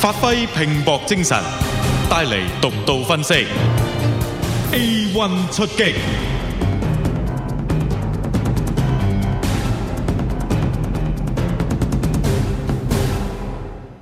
發揮拼搏精神，帶嚟獨到分析。A one 出擊，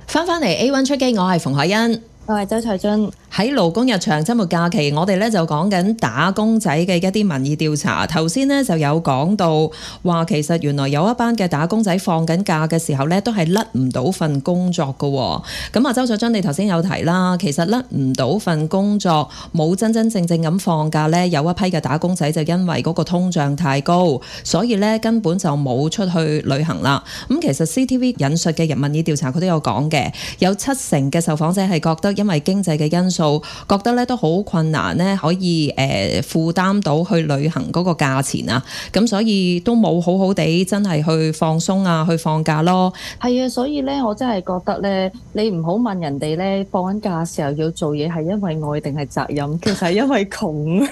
返返嚟 A one 出擊，我係馮凱欣，我係周采蓁。喺勞工日長周末假期，我哋咧就講緊打工仔嘅一啲民意調查。頭先呢就有講到話，其實原來有一班嘅打工仔放緊假嘅時候呢，都係甩唔到份工作嘅，哦。咁、嗯、啊，周采蓁，你頭先有提啦，其實甩唔到份工作，冇真真正正咁放假呢。有一批嘅打工仔就因為嗰個通脹太高，所以呢根本就冇出去旅行啦。咁、嗯、其實 CTV 引述嘅人民意調查，佢都有講嘅，有七成嘅受訪者係覺得因為經濟嘅因素。就覺得咧都好困難咧，可以誒、呃、負擔到去旅行嗰個價錢啊，咁所以都冇好好地真係去放鬆啊，去放假咯。係啊，所以咧我真係覺得咧，你唔好問人哋咧放緊假時候要做嘢係因為愛定係責任，其實係因為窮。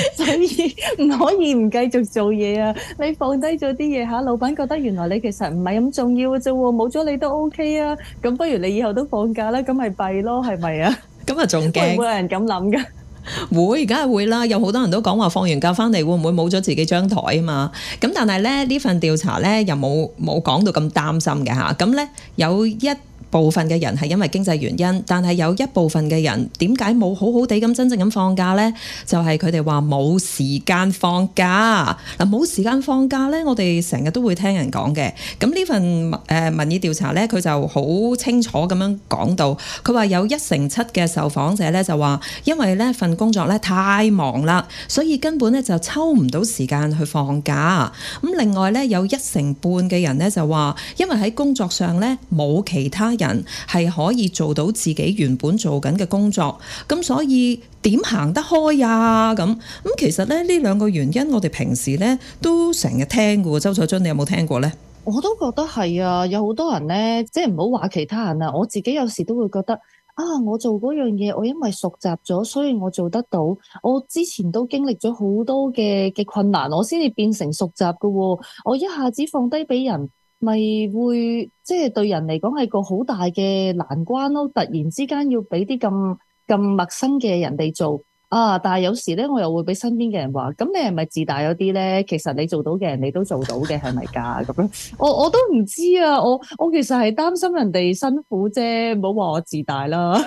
所以唔可以唔繼續做嘢啊！你放低咗啲嘢吓，老闆覺得原來你其實唔係咁重要嘅啫，冇咗你都 OK 啊！咁不如你以後都放假啦，咁係弊咯，係咪啊？咁啊仲驚會有人咁諗噶？ 會，梗係會啦！有好多人都講話放完假返嚟會唔會冇咗自己張台啊嘛？咁但係咧呢份調查咧又冇冇講到咁擔心嘅吓，咁咧有一。部分嘅人係因為經濟原因，但係有一部分嘅人點解冇好好哋咁真正咁放假咧？就係佢哋話冇時間放假。嗱，冇時間放假咧，我哋成日都會聽人講嘅。咁呢份誒民意調查咧，佢就好清楚咁樣講到，佢話有一成七嘅受訪者咧就話因為呢份工作咧太忙啦，所以根本咧就抽唔到時間去放假。咁另外咧有一成半嘅人咧就話因為喺工作上咧冇其他人係可以做到自己原本做緊嘅工作，咁所以點行得開呀、啊？咁咁其實咧呢兩個原因，我哋平時咧都成日聽噶。周采蓁，你有冇聽過咧？我都覺得係啊，有好多人咧，即係唔好話其他人啊，我自己有時都會覺得啊，我做嗰樣嘢，我因為熟習咗，所以我做得到。我之前都經歷咗好多嘅嘅困難，我先至變成熟習噶、哦。我一下子放低俾人。咪會即係對人嚟講係個好大嘅難關咯，突然之間要俾啲咁咁陌生嘅人哋做啊！但係有時咧，我又會俾身邊嘅人話：「咁你係咪自大咗啲咧？其實你做到嘅人，你都做到嘅，係咪噶？咁樣我我都唔知啊！我我其實係擔心人哋辛苦啫，唔好話我自大啦。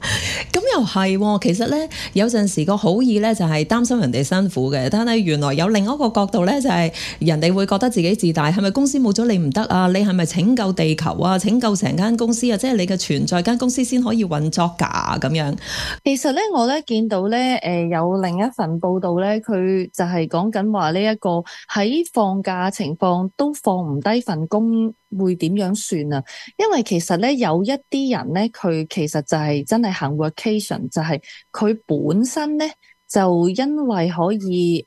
咁又係，其實呢，有陣時個好意呢，就係擔心人哋辛苦嘅，但係原來有另一個角度呢，就係人哋會覺得自己自大，係咪公司冇咗你唔得啊？你係咪拯救地球啊？拯救成間公司啊？即係你嘅存在，間公司先可以運作噶咁樣。其實呢，我呢見到呢，誒有另一份報道呢，佢就係講緊話呢一個喺放假情況都放唔低份工。會點樣算啊？因為其實咧有一啲人咧，佢其實就係真係行 workation，就係佢本身咧就因為可以誒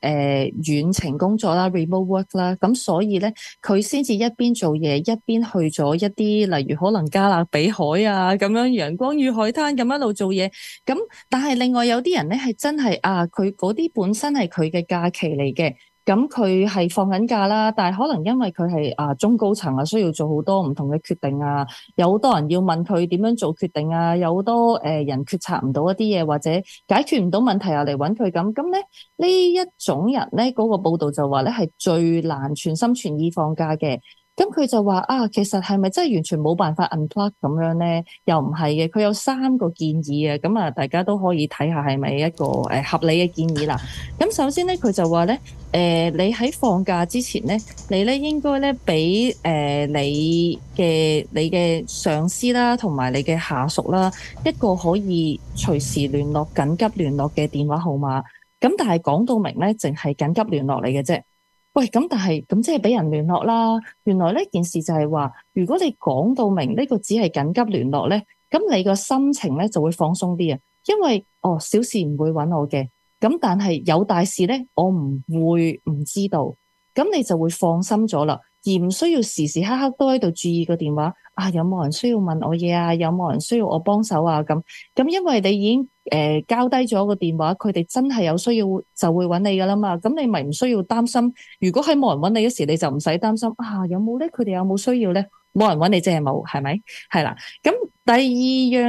遠、呃、程工作啦、remote work 啦，咁所以咧佢先至一邊做嘢一邊去咗一啲，例如可能加勒比海啊咁樣陽光與海灘咁一度做嘢。咁但係另外有啲人咧係真係啊，佢嗰啲本身係佢嘅假期嚟嘅。咁佢係放緊假啦，但係可能因為佢係啊中高層啊，需要做好多唔同嘅決定啊，有好多人要問佢點樣做決定啊，有好多誒、呃、人決策唔到一啲嘢，或者解決唔到問題啊嚟揾佢咁，咁咧呢一種人咧嗰個報導就話咧係最難全心全意放假嘅。咁佢、嗯、就話啊，其實係咪真係完全冇辦法 unplug 咁樣咧？又唔係嘅，佢有三個建議啊。咁、嗯、啊，大家都可以睇下係咪一個誒、呃、合理嘅建議啦。咁、嗯、首先咧，佢就話咧，誒、呃、你喺放假之前咧，你咧應該咧俾誒你嘅你嘅上司啦，同埋你嘅下屬啦，一個可以隨時聯絡緊急聯絡嘅電話號碼。咁、嗯、但係講到明咧，淨係緊急聯絡嚟嘅啫。喂，咁但係咁即係俾人聯絡啦。原來呢件事就係話，如果你講到明呢個只係緊急聯絡咧，咁你個心情咧就會放鬆啲啊。因為哦小事唔會揾我嘅，咁但係有大事咧，我唔會唔知道，咁你就會放心咗啦。而唔需要時時刻刻都喺度注意個電話啊！有冇人需要問我嘢啊？有冇人需要我幫手啊？咁咁，因為你已經誒交低咗個電話，佢哋真係有需要就會揾你㗎喇嘛。咁你咪唔需要擔心。如果喺冇人揾你嗰時，你就唔使擔心啊！有冇咧？佢哋有冇需要咧？冇人揾你即係冇，係咪？係啦。咁第二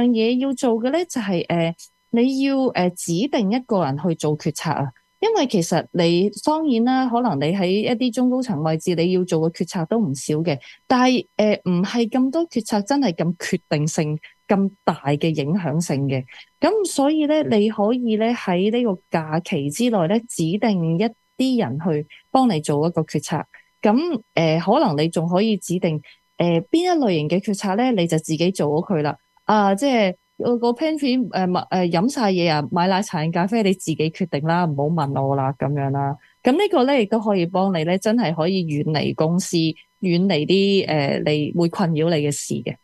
樣嘢要做嘅咧，就係誒你要誒指定一個人去做決策啊。因為其實你當然啦，可能你喺一啲中高層位置，你要做嘅決策都唔少嘅，但係誒唔係咁多決策真係咁決定性、咁大嘅影響性嘅。咁所以咧，你可以咧喺呢個假期之內咧，指定一啲人去幫你做一個決策。咁誒、呃，可能你仲可以指定誒邊、呃、一類型嘅決策咧，你就自己做咗佢啦。啊，即係。我個 pantry 誒物誒飲晒嘢啊，買奶茶咖啡你自己決定啦，唔好問我啦咁樣啦。咁呢個咧亦都可以幫你咧，真係可以遠離公司，遠離啲誒你會困擾你嘅事嘅。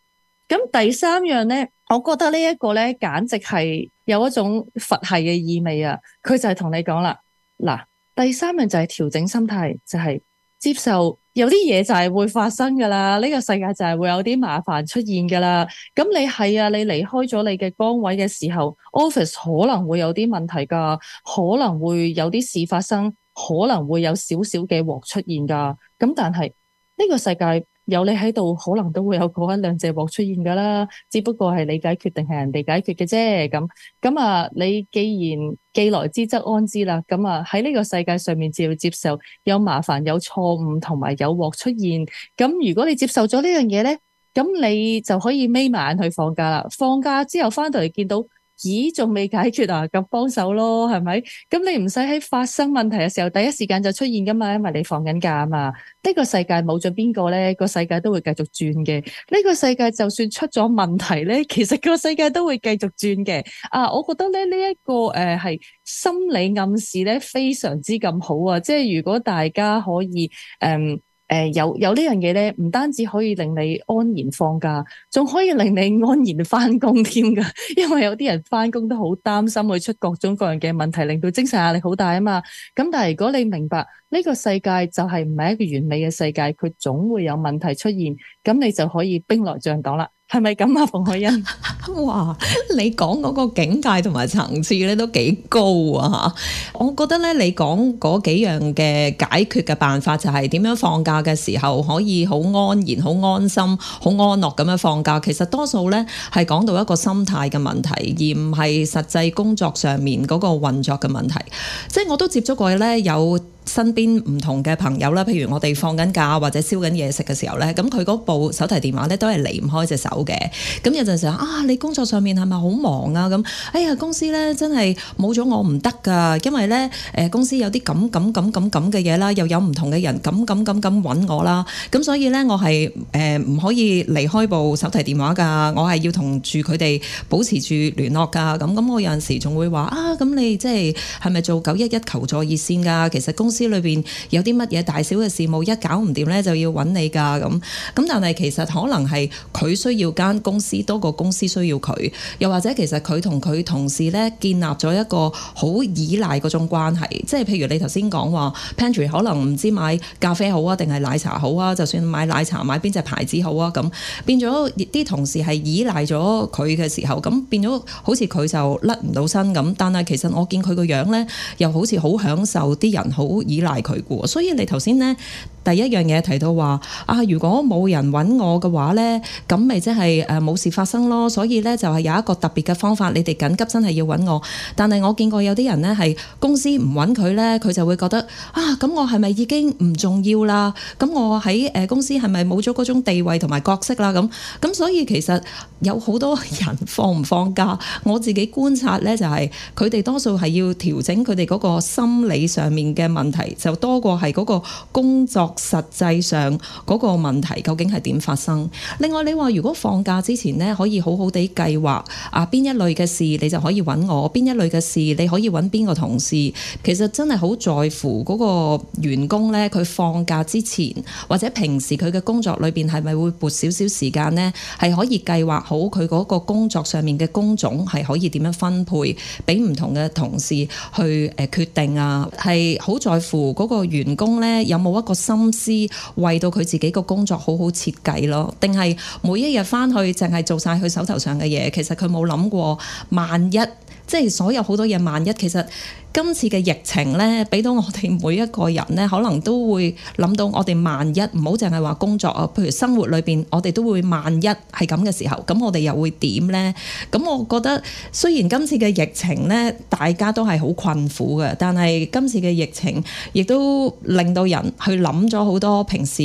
咁第三樣咧，我覺得呢一個咧，簡直係有一種佛系嘅意味啊！佢就係同你講啦，嗱，第三樣就係調整心態，就係接受。有啲嘢就係會發生噶啦，呢個世界就係會有啲麻煩出現噶啦。咁你係啊，你離開咗你嘅崗位嘅時候 ，office 可能會有啲問題噶，可能會有啲事發生，可能會有少少嘅禍出現噶。咁但係呢個世界。有你喺度，可能都會有嗰一兩隻鑊出現㗎啦，只不過係你解決定係人哋解決嘅啫。咁咁啊，你既然既來之則安之啦，咁啊喺呢個世界上面就要接受有麻煩、有錯誤同埋有鑊出現。咁如果你接受咗呢樣嘢咧，咁你就可以眯埋眼去放假啦。放假之後返到嚟見到。咦，仲未解決啊？咁幫手咯，係咪？咁你唔使喺發生問題嘅時候，第一時間就出現噶嘛，因為你放緊假啊嘛。呢個世界冇咗邊個咧，個世界都會繼續轉嘅。呢個世界就算出咗問題咧，其實個世界都會繼續轉嘅。啊，我覺得咧呢一個誒係心理暗示咧，非常之咁好啊！即係如果大家可以誒。呃誒、呃，有有呢樣嘢咧，唔單止可以令你安然放假，仲可以令你安然翻工添噶因為有啲人翻工都好擔心會出各種各樣嘅問題，令到精神壓力好大啊嘛。咁但係如果你明白呢、呢個世界就係唔係一個完美嘅世界，佢總會有問題出現，咁你就可以兵來將擋啦。係咪咁啊，馮凱欣？ 哇，你講嗰個境界同埋層次咧都幾高啊！我覺得咧，你講嗰幾樣嘅解決嘅辦法，就係點樣放假嘅時候可以好安然、好安心、好安樂咁樣放假。其實多數咧係講到一個心態嘅問題，而唔係實際工作上面嗰個運作嘅問題。即係我都接觸過咧有。身邊唔同嘅朋友啦，譬如我哋放緊假或者燒緊嘢食嘅時候咧，咁佢嗰部手提電話咧都係離唔開隻手嘅。咁有陣時候啊，你工作上面係咪好忙啊？咁哎呀公司咧真係冇咗我唔得噶，因為咧誒公司有啲咁咁咁咁咁嘅嘢啦，又有唔同嘅人咁咁咁咁搵我啦。咁所以咧我係誒唔可以離開部手提電話㗎，我係要同住佢哋保持住聯絡㗎。咁咁我有陣時仲會話啊，咁你即係係咪做九一一求助熱線㗎？其實公司。啲裏邊有啲乜嘢大小嘅事務一搞唔掂咧就要揾你噶，咁。咁但係其實可能係佢需要間公司多過公司需要佢，又或者其實佢同佢同事咧建立咗一個好依賴嗰種關係。即係譬如你頭先講話 Pantry 可能唔知買咖啡好啊，定係奶茶好啊？就算買奶茶，買邊隻牌子好啊？咁變咗啲同事係依賴咗佢嘅時候，咁變咗好似佢就甩唔到身咁。但係其實我見佢個樣咧，又好似好享受啲人好。依賴佢嘅，所以你頭先咧。第一樣嘢提到話啊，如果冇人揾我嘅話咧，咁咪即係誒冇事發生咯。所以咧就係有一個特別嘅方法，你哋緊急真係要揾我。但係我見過有啲人咧，係公司唔揾佢咧，佢就會覺得啊，咁我係咪已經唔重要啦？咁我喺誒公司係咪冇咗嗰種地位同埋角色啦？咁咁所以其實有好多人放唔放假，我自己觀察咧就係佢哋多數係要調整佢哋嗰個心理上面嘅問題，就多過係嗰個工作。實際上嗰個問題究竟係點發生？另外，你話如果放假之前咧，可以好好地計劃啊，邊一類嘅事你就可以揾我，邊一類嘅事你可以揾邊個同事。其實真係好在乎嗰個員工咧，佢放假之前或者平時佢嘅工作裏邊係咪會撥少少時間咧，係可以計劃好佢嗰個工作上面嘅工種係可以點樣分配，俾唔同嘅同事去誒、呃、決定啊。係好在乎嗰個員工咧，有冇一個心，公司為到佢自己個工作好好設計咯，定係每一日返去淨係做晒佢手頭上嘅嘢，其實佢冇諗過萬一，即係所有好多嘢萬一，其實。今次嘅疫情咧，俾到我哋每一個人咧，可能都會諗到我哋萬一唔好淨係話工作啊，譬如生活裏邊，我哋都會萬一係咁嘅時候，咁我哋又會點咧？咁、嗯、我覺得雖然今次嘅疫情咧，大家都係好困苦嘅，但係今次嘅疫情亦都令到人去諗咗好多平時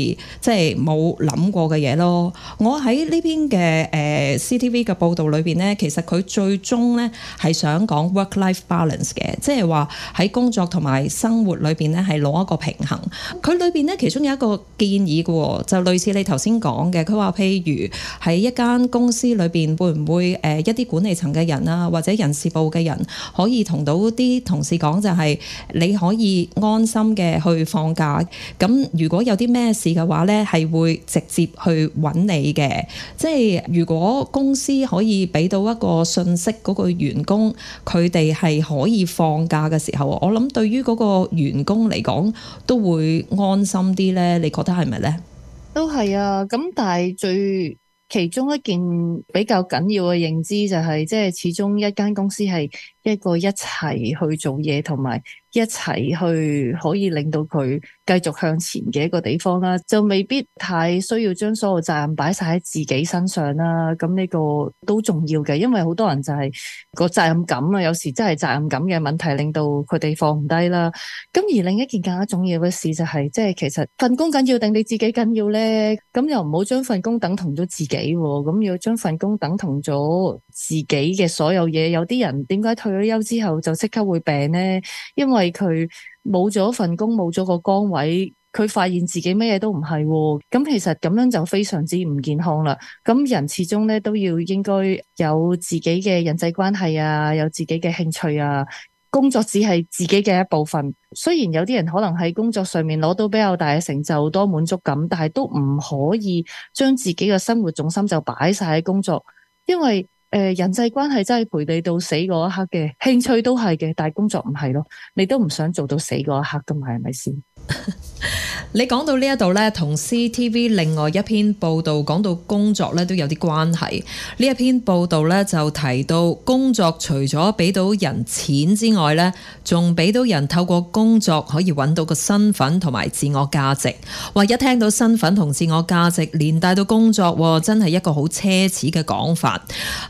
即係冇諗過嘅嘢咯。我喺呢邊嘅誒、呃、C T V 嘅報道裏邊咧，其實佢最終咧係想講 work life balance 嘅，即係話。喺工作同埋生活裏邊咧，係攞一個平衡。佢裏邊咧，其中有一個建議嘅，就類似你頭先講嘅。佢話譬如喺一間公司裏邊，會唔會誒一啲管理層嘅人啊，或者人事部嘅人，可以同到啲同事講，就係你可以安心嘅去放假。咁如果有啲咩事嘅話咧，係會直接去揾你嘅。即係如果公司可以俾到一個信息，嗰個員工佢哋係可以放假嘅時候，我諗對於嗰個員工嚟講，都會安心啲咧。你覺得係咪咧？都係啊，咁但係最其中一件比較緊要嘅認知就係即係始終一間公司係，一個一齊去做嘢，同埋一齊去可以令到佢繼續向前嘅一個地方啦，就未必太需要將所有責任擺晒喺自己身上啦。咁呢個都重要嘅，因為好多人就係個責任感啊，有時真係責任感嘅問題令到佢哋放唔低啦。咁而另一件更加重要嘅事就係，即係其實份工緊要定你自己緊要咧？咁又唔好將份工等同咗自己喎，咁要將份工等同咗。自己嘅所有嘢，有啲人點解退咗休之後就即刻會病呢？因為佢冇咗份工，冇咗個崗位，佢發現自己乜嘢都唔係。咁其實咁樣就非常之唔健康啦。咁人始終咧都要應該有自己嘅人際關係啊，有自己嘅興趣啊。工作只係自己嘅一部分。雖然有啲人可能喺工作上面攞到比較大嘅成就，多滿足感，但係都唔可以將自己嘅生活重心就擺晒喺工作，因為人際關係真係陪你到死嗰一刻嘅，興趣都係嘅，但係工作唔係咯，你都唔想做到死嗰一刻噶嘛？係咪先？ 你講到呢一度呢，同 C T V 另外一篇報道講到工作呢都有啲關係。呢一篇報道呢就提到工作除咗俾到人錢之外呢，仲俾到人透過工作可以揾到個身份同埋自我價值。話一聽到身份同自我價值連帶到工作，真係一個好奢侈嘅講法。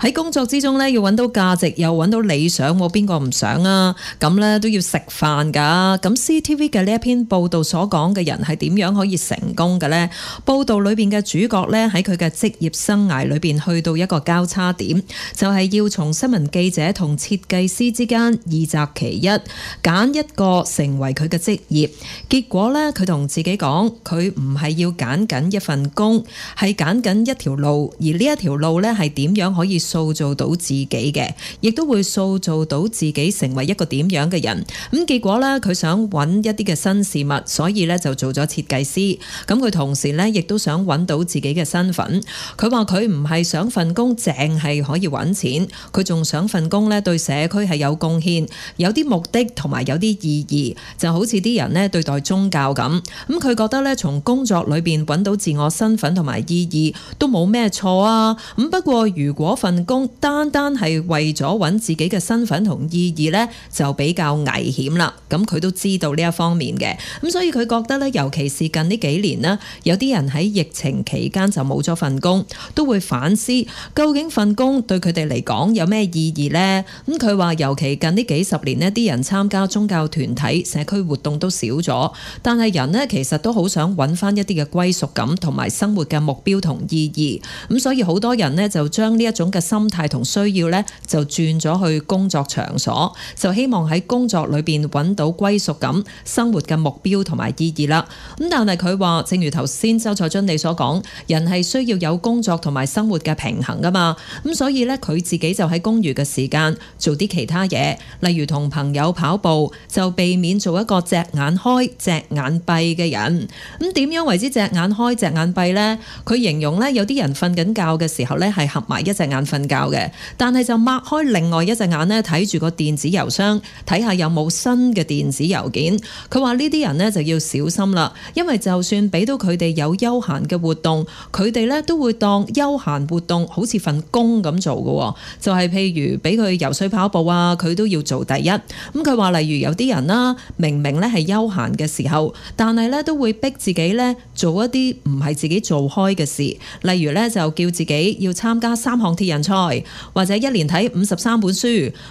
喺工作之中呢，要揾到價值又揾到理想，冇邊個唔想啊？咁呢都要食飯㗎、啊。咁 C T V 嘅呢一篇報道所講嘅人係。點樣可以成功嘅咧？報道裏邊嘅主角咧，喺佢嘅職業生涯裏邊去到一個交叉點，就係要從新聞記者同設計師之間二擇其一，揀一個成為佢嘅職業。結果咧，佢同自己講，佢唔係要揀緊一份工，係揀緊一條路。而呢一條路咧，係點樣可以塑造到自己嘅，亦都會塑造到自己成為一個點樣嘅人。咁結果咧，佢想揾一啲嘅新事物，所以咧就做咗設計師，咁佢同時呢亦都想揾到自己嘅身份。佢話佢唔係想份工淨係可以揾錢，佢仲想份工呢對社區係有貢獻，有啲目的同埋有啲意義，就好似啲人呢對待宗教咁。咁佢覺得呢從工作裏邊揾到自我身份同埋意義都冇咩錯啊。咁不過如果份工單單係為咗揾自己嘅身份同意義呢，就比較危險啦。咁佢都知道呢一方面嘅，咁所以佢覺得呢。有尤其是近呢幾年呢，有啲人喺疫情期間就冇咗份工，都會反思究竟份工對佢哋嚟講有咩意義呢。咁佢話，嗯，尤其近呢幾十年呢啲人參加宗教團體、社區活動都少咗，但係人呢其實都好想搵翻一啲嘅歸屬感同埋生活嘅目標同意義。咁所以好多人呢就將呢一種嘅心態同需要呢就轉咗去工作場所，就希望喺工作裏邊搵到歸屬感、生活嘅目標同埋意義啦。咁但係佢話，正如頭先周采蓁你所講，人係需要有工作同埋生活嘅平衡噶嘛。咁所以呢，佢自己就喺公餘嘅時間做啲其他嘢，例如同朋友跑步，就避免做一個隻眼開隻眼閉嘅人。咁點樣為之隻眼開隻眼閉呢？佢形容呢，有啲人瞓緊覺嘅時候呢，係合埋一隻眼瞓覺嘅，但係就擘開另外一隻眼呢，睇住個電子郵箱，睇下有冇新嘅電子郵件。佢話呢啲人呢，就要小心啦。因為就算俾到佢哋有休閒嘅活動，佢哋呢都會當休閒活動好似份工咁做㗎、哦。就係、是、譬如俾佢游水、跑步啊，佢都要做第一。咁佢話例如有啲人啦、啊，明明呢係休閒嘅時候，但係呢都會逼自己呢做一啲唔係自己做開嘅事。例如呢就叫自己要參加三項鐵人賽，或者一年睇五十三本書。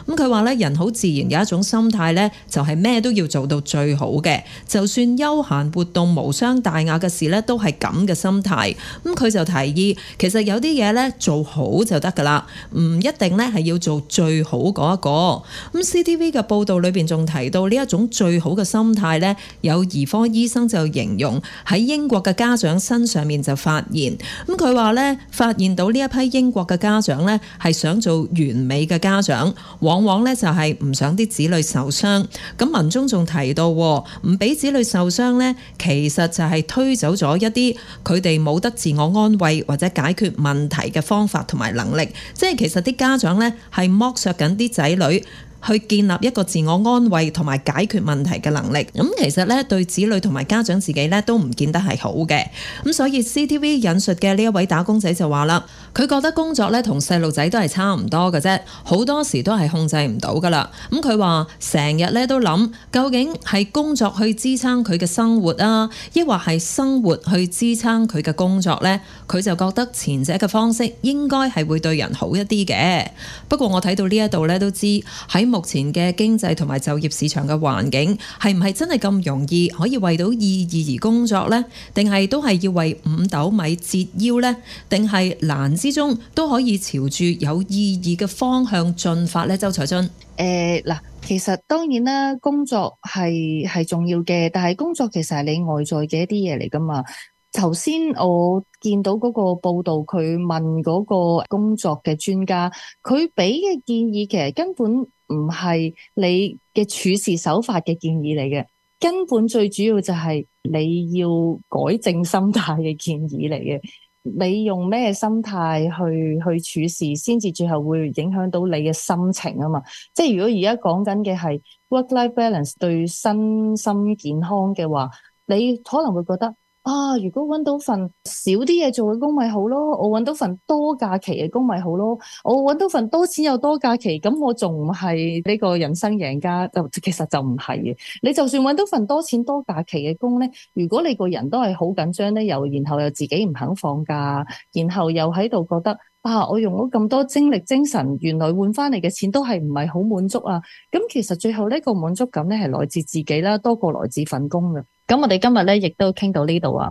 咁佢話呢，人好自然有一種心態呢，就係、是、咩都要做到最好嘅，就算休閒活。活動無傷大雅嘅事咧，都係咁嘅心態。咁、嗯、佢就提議，其實有啲嘢咧做好就得噶啦，唔一定咧係要做最好嗰一個。咁、嗯、CTV 嘅報道裏邊仲提到呢一種最好嘅心態咧，有兒科醫生就形容喺英國嘅家長身上面就發現。咁佢話咧，發現到呢一批英國嘅家長咧係想做完美嘅家長，往往咧就係唔想啲子女受傷。咁、嗯、文中仲提到唔俾子女受傷咧，其實就係推走咗一啲佢哋冇得自我安慰或者解決問題嘅方法同埋能力，即係其實啲家長呢係剝削緊啲仔女。去建立一個自我安慰同埋解決問題嘅能力，咁其實咧對子女同埋家長自己咧都唔見得係好嘅，咁所以 CTV 引述嘅呢一位打工仔就話啦，佢覺得工作咧同細路仔都係差唔多嘅啫，好多時都係控制唔到噶啦。咁佢話成日咧都諗，究竟係工作去支撐佢嘅生活啊，抑或係生活去支撐佢嘅工作呢？佢就覺得前者嘅方式應該係會對人好一啲嘅。不過我睇到呢一度咧都知喺。目前嘅經濟同埋就業市場嘅環境，係唔係真係咁容易可以為到意義而工作呢？定係都係要為五斗米折腰呢？定係難之中都可以朝住有意義嘅方向進發呢？周采蓁。誒嗱、呃，其實當然啦，工作係係重要嘅，但係工作其實係你外在嘅一啲嘢嚟噶嘛。頭先我見到嗰個報道，佢問嗰個工作嘅專家，佢俾嘅建議其實根本。唔係你嘅處事手法嘅建議嚟嘅，根本最主要就係你要改正心態嘅建議嚟嘅。你用咩心態去去處事，先至最後會影響到你嘅心情啊嘛。即係如果而家講緊嘅係 work-life balance 對身心健康嘅話，你可能會覺得。啊！如果揾到份少啲嘢做嘅工咪好咯，我揾到份多假期嘅工咪好咯，我揾到份多錢又多假期，咁我仲唔係呢個人生贏家，就其實就唔係嘅。你就算揾到份多錢多假期嘅工咧，如果你個人都係好緊張咧，又然後又自己唔肯放假，然後又喺度覺得。啊！我用咗咁多精力、精神，原來換翻嚟嘅錢都係唔係好滿足啊！咁其實最後呢、這個滿足感呢係來自自己啦，多過來自份工嘅。咁我哋今日呢亦都傾到呢度啊！